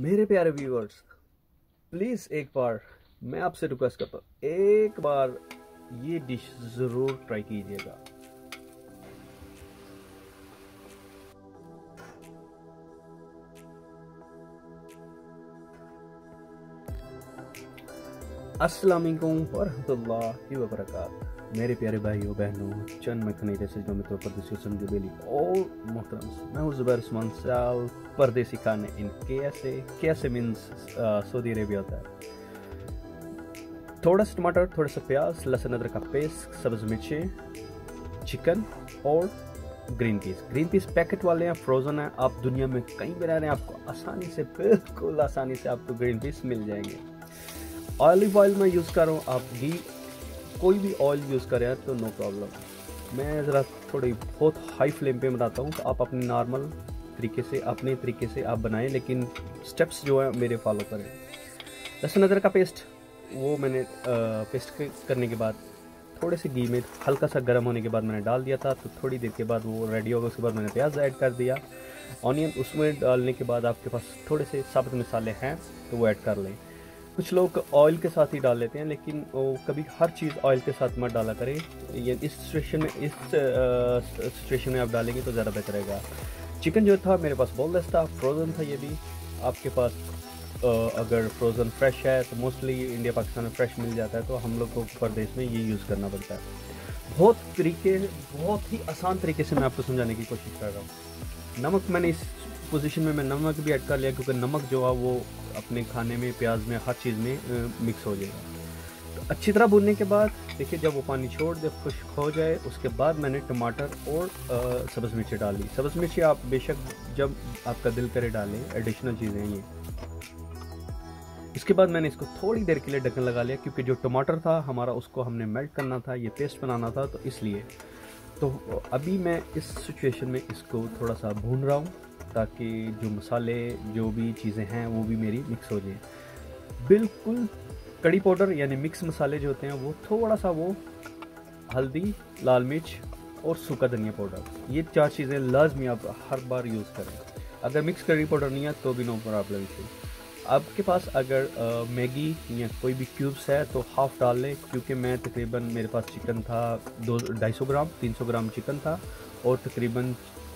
मेरे प्यारे viewers please एक बार मैं आपसे रिक्वेस्ट करता हूँ एक बार ये डिश ज़रूर ट्राई कीजिएगा अस्सलाम वरहमतुल्लाहि वरक मेरे प्यारे भाई और बहनों चंद मखनी जैसे में तो परदेसी उसम जुबेली और मोहतरम मैं हूँ जुबैर उस्मान साल परदेसी खान इन कैसे कैसे मीन्स सऊदी अरेबिया होता है थोड़ा सा टमाटर थोड़ा सा प्याज लहसुन अदरक का पेस्ट सब्ज़ मिर्ची चिकन और green peas green peas packet वाले हैं फ्रोज़न है आप दुनिया में कहीं भी रह रहे हैं आपको आसानी से बिल्कुल आसानी से आपको ग्रीन पीस मिल जाएंगे ऑलिव ऑयल मैं यूज़ कर रहा हूँ आप घी कोई भी ऑयल यूज़ करें तो नो प्रॉब्लम मैं ज़रा थोड़ी बहुत हाई फ्लेम पे बनाता हूँ तो आप अपने नॉर्मल तरीके से अपने तरीके से आप बनाएं लेकिन स्टेप्स जो है मेरे फॉलो करें लहसुन अदरक का पेस्ट वो मैंने पेस्ट करने के बाद थोड़े से घी में हल्का सा गर्म होने के बाद मैंने डाल दिया था तो थोड़ी देर के बाद वो रेडी हो गया उसके बाद मैंने प्याज ऐड कर दिया ऑनियन उसमें डालने के बाद आपके पास थोड़े से साबुत मसाले हैं तो वो ऐड कर लें कुछ लोग ऑयल के साथ ही डाल लेते हैं लेकिन वो कभी हर चीज़ ऑयल के साथ मत डाला करें ये इस सिचुएशन में इस सिचुएशन में आप डालेंगे तो ज़्यादा बेहतर रहेगा चिकन जो था मेरे पास बोनलेस था फ्रोज़न था ये भी आपके पास अगर फ्रोज़न फ्रेश है तो मोस्टली इंडिया पाकिस्तान में फ्रेश मिल जाता है तो हम लोग को परदेश में ये यूज़ करना पड़ता है बहुत तरीके बहुत ही आसान तरीके से मैं आपको समझाने की कोशिश कर रहा हूँ नमक मैंने इस पोजीशन में मैं नमक भी ऐड कर लिया क्योंकि नमक जो है वो अपने खाने में प्याज में हर चीज़ में मिक्स हो जाएगा तो अच्छी तरह भुनने के बाद देखिए जब वो पानी छोड़ दे खुश्क हो जाए उसके बाद मैंने टमाटर और सब्ज़ मिर्ची डाल ली सब्ज़ मिर्ची आप बेशक जब आपका दिल करे डालें एडिशनल चीज़ें ये इसके बाद मैंने इसको थोड़ी देर के लिए ढक्कन लगा लिया क्योंकि जो टमाटर था हमारा उसको हमने मेल्ट करना था ये पेस्ट बनाना था तो इसलिए तो अभी मैं इस सिचुएशन में इसको थोड़ा सा भून रहा हूँ ताकि जो मसाले जो भी चीज़ें हैं वो भी मेरी मिक्स हो जाए बिल्कुल कड़ी पाउडर यानी मिक्स मसाले जो होते हैं वो थोड़ा सा वो हल्दी लाल मिर्च और सूखा धनिया पाउडर ये चार चीज़ें लाजमी आप हर बार यूज़ करें अगर मिक्स कड़ी पाउडर नहीं है तो भी नो प्रॉब्लम इशू आपके पास अगर मैगी या कोई भी क्यूब्स है तो हाफ़ डाल लें क्योंकि मैं तकरीबन मेरे पास चिकन था दो ढाई सौ ग्राम तीन सौ ग्राम चिकन था और तकरीबन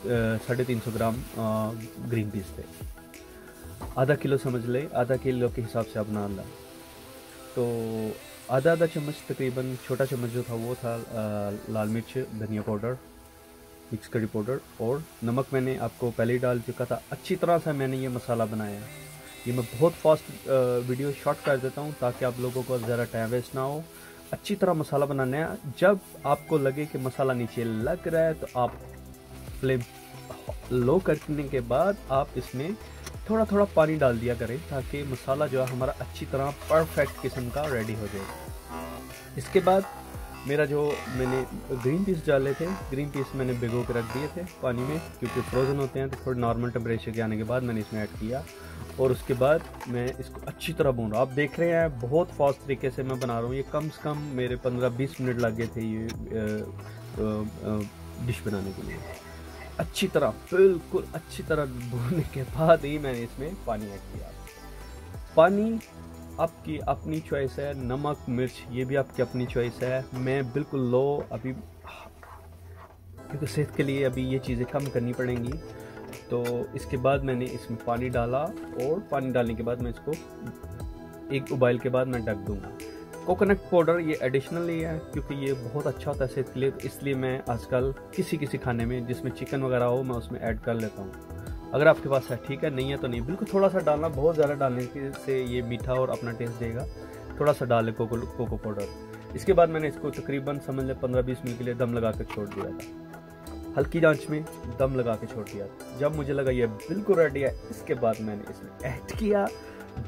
साढ़े तीन सौ ग्राम ग्रीन पीस थे आधा किलो समझ ले आधा किलो के हिसाब से अपना लाए तो आधा आधा चम्मच तकरीबन छोटा चम्मच जो था वो था आ, लाल मिर्च धनिया पाउडर मिक्स करी पाउडर और नमक मैंने आपको पहले ही डाल चुका था अच्छी तरह से मैंने ये मसाला बनाया ये मैं बहुत फास्ट वीडियो शॉर्ट कर देता हूँ ताकि आप लोगों को ज़रा टाइम वेस्ट ना हो अच्छी तरह मसाला बनाना है जब आपको लगे कि मसाला नीचे लग रहा है तो आप फ्लेम लो करने के बाद आप इसमें थोड़ा थोड़ा पानी डाल दिया करें ताकि मसाला जो है हमारा अच्छी तरह परफेक्ट किस्म का रेडी हो जाए इसके बाद मेरा जो मैंने ग्रीन पीस डाले थे ग्रीन पीस मैंने भिगो के रख दिए थे पानी में क्योंकि फ्रोज़न होते हैं तो थोड़े नॉर्मल टेम्परेचर के आने के बाद मैंने इसमें ऐड किया और उसके बाद मैं इसको अच्छी तरह भून रहा आप देख रहे हैं बहुत फास्ट तरीके से मैं बना रहा हूँ ये कम से कम मेरे 15-20 मिनट लग गए थे ये डिश बनाने के लिए अच्छी तरह बिल्कुल अच्छी तरह भूनने के बाद ही मैंने इसमें पानी ऐड किया पानी आपकी अपनी चॉइस है नमक मिर्च ये भी आपकी अपनी चॉइस है मैं बिल्कुल लो अभी क्योंकि सेहत के लिए अभी ये चीज़ें कम करनी पड़ेंगी तो इसके बाद मैंने इसमें पानी डाला और पानी डालने के बाद मैं इसको एक उबाइल के बाद मैं ढक दूंगा कोकोनट पाउडर ये एडिशनल लिया है क्योंकि ये बहुत अच्छा होता है सेहत के लिए तो इसलिए मैं आजकल किसी किसी खाने में जिसमें चिकन वगैरह हो मैं उसमें ऐड कर लेता हूँ अगर आपके पास है ठीक है नहीं है तो नहीं बिल्कुल थोड़ा सा डालना बहुत ज़्यादा डालने से ये मीठा और अपना टेस्ट देगा थोड़ा सा डाले कोको कोको पाउडर इसके बाद मैंने इसको तकरीबन समझ लें पंद्रह बीस मिनट के लिए दम लगा कर छोड़ दिया था हल्की जांच में दम लगा के छोड़ दिया जब मुझे लगा ये बिल्कुल रेडी है इसके बाद मैंने इसमें ऐड किया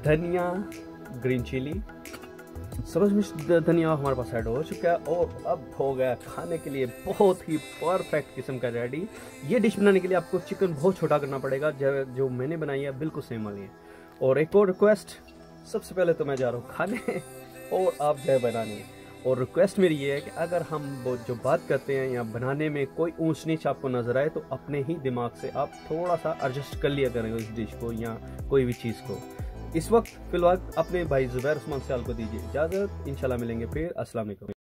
धनिया ग्रीन चिली सरोज मिश्र धनिया हमारे पास ऐड हो चुका है और अब हो गया खाने के लिए बहुत ही परफेक्ट किस्म का रेडी ये डिश बनाने के लिए आपको चिकन बहुत छोटा करना पड़ेगा जो मैंने बनाई है बिल्कुल सेम वाली है और एक और रिक्वेस्ट सबसे पहले तो मैं जा रहा हूँ खाने और आप जाए बनाने और रिक्वेस्ट मेरी ये है कि अगर हम जो बात करते हैं या बनाने में कोई ऊँच नीच आपको नज़र आए तो अपने ही दिमाग से आप थोड़ा सा एडजस्ट कर लिया करेंगे उस डिश को या कोई भी चीज़ को इस वक्त फिलहाल अपने भाई जुबैर उस्मान सयाल को दीजिए इजाज़त इंशाल्लाह मिलेंगे फिर अस्सलाम वालेकुम